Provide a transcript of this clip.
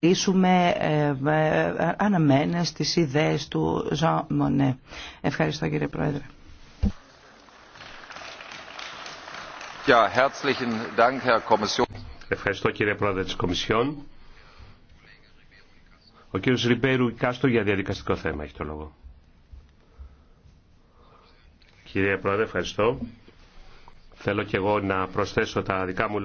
Είσουμε ε, ε, ε, αναμένες τις ιδέες του Ζαν Ευχαριστώ κύριε Πρόεδρε. Ευχαριστώ κύριε Πρόεδρε της Κομισιόν. Ο κύριος Ριμπέρου Κάστρο για διαδικαστικό θέμα έχει το λόγο. Κύριε Πρόεδρε, ευχαριστώ. Θέλω και εγώ να προσθέσω τα δικά μου